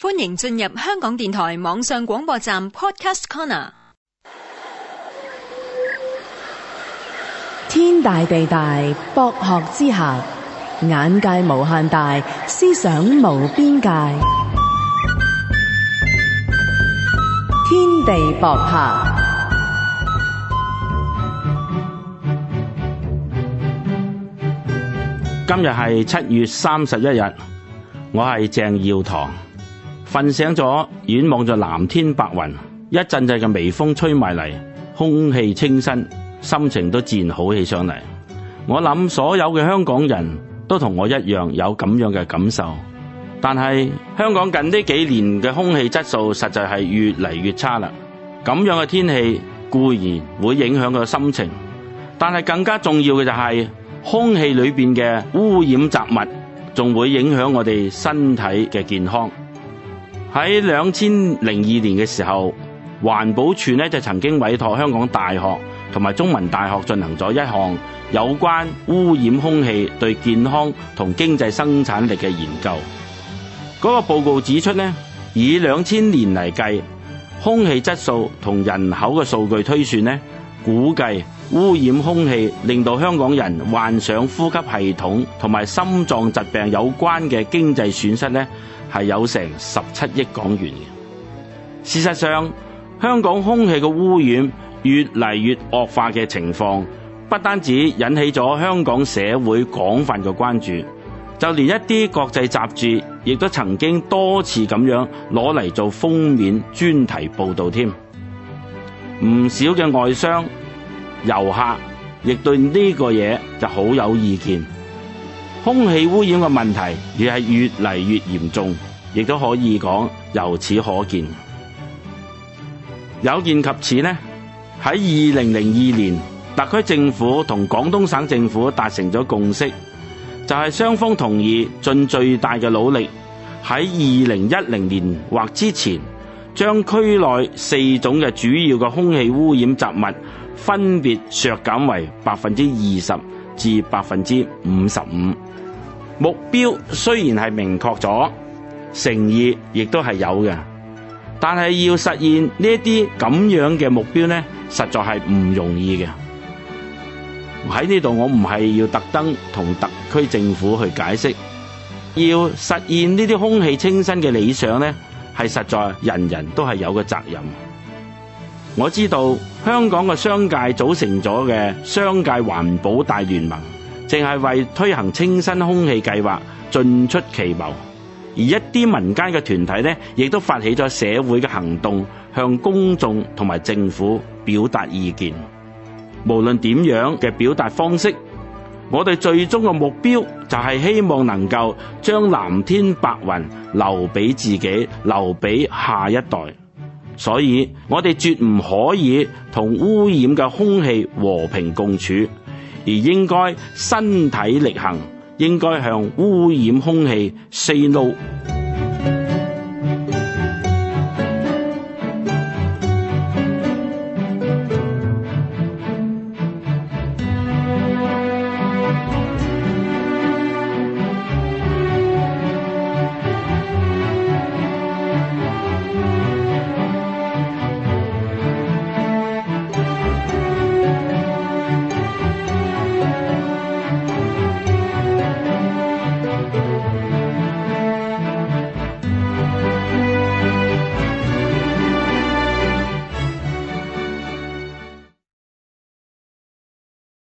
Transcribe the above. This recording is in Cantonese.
歡迎進入香港電台網上廣播站 Podcast Corner。天大地大，博學之下；眼界無限大，思想無邊界。天地博客。今日係七月三十一日，我係鄭耀棠。瞓醒咗，遠望着藍天白雲，一陣陣嘅微風吹埋嚟，空氣清新，心情都自然好起上嚟。我諗所有嘅香港人都同我一樣有咁樣嘅感受，但係香港近呢幾年嘅空氣質素實在係越嚟越差啦。咁樣嘅天氣固然會影響個心情，但係更加重要嘅就係空氣裏邊嘅污染雜物，仲會影響我哋身體嘅健康。喺兩千零二年嘅時候，環保署呢就曾經委托香港大學同埋中文大學進行咗一項有關污染空氣對健康同經濟生產力嘅研究。嗰個報告指出呢，以兩千年嚟計，空氣質素同人口嘅數據推算呢，估計。污染空氣令到香港人患上呼吸系統同埋心臟疾病有關嘅經濟損失咧，係有成十七億港元嘅。事實上，香港空氣嘅污染越嚟越惡化嘅情況，不單止引起咗香港社會廣泛嘅關注，就連一啲國際雜誌亦都曾經多次咁樣攞嚟做封面專題報道添。唔少嘅外商、遊客亦對呢個嘢，就好有意見，空氣污染嘅問題亦係越嚟越嚴重，亦都可以講由此可見。有見及此呢，喺二零零二年，特區政府同廣東省政府達成咗共識，就係、是、雙方同意盡最大嘅努力，喺二零一零年或之前。將區內四種嘅主要嘅空氣污染雜物分別削減為百分之二十至百分之五十五。目標雖然係明確咗，誠意亦都係有嘅，但係要實現呢啲咁樣嘅目標呢，實在係唔容易嘅。喺呢度我唔係要和特登同特區政府去解釋，要實現呢啲空氣清新嘅理想呢。係實在，人人都係有嘅責任。我知道香港嘅商界組成咗嘅商界環保大聯盟，淨係為推行清新空氣計劃盡出奇謀；而一啲民間嘅團體呢，亦都發起咗社會嘅行動，向公眾同埋政府表達意見。無論點樣嘅表達方式。我哋最終嘅目標就係希望能夠將藍天白雲留俾自己，留俾下一代。所以我哋絕唔可以同污染嘅空氣和平共處，而應該身體力行，應該向污染空氣 say no。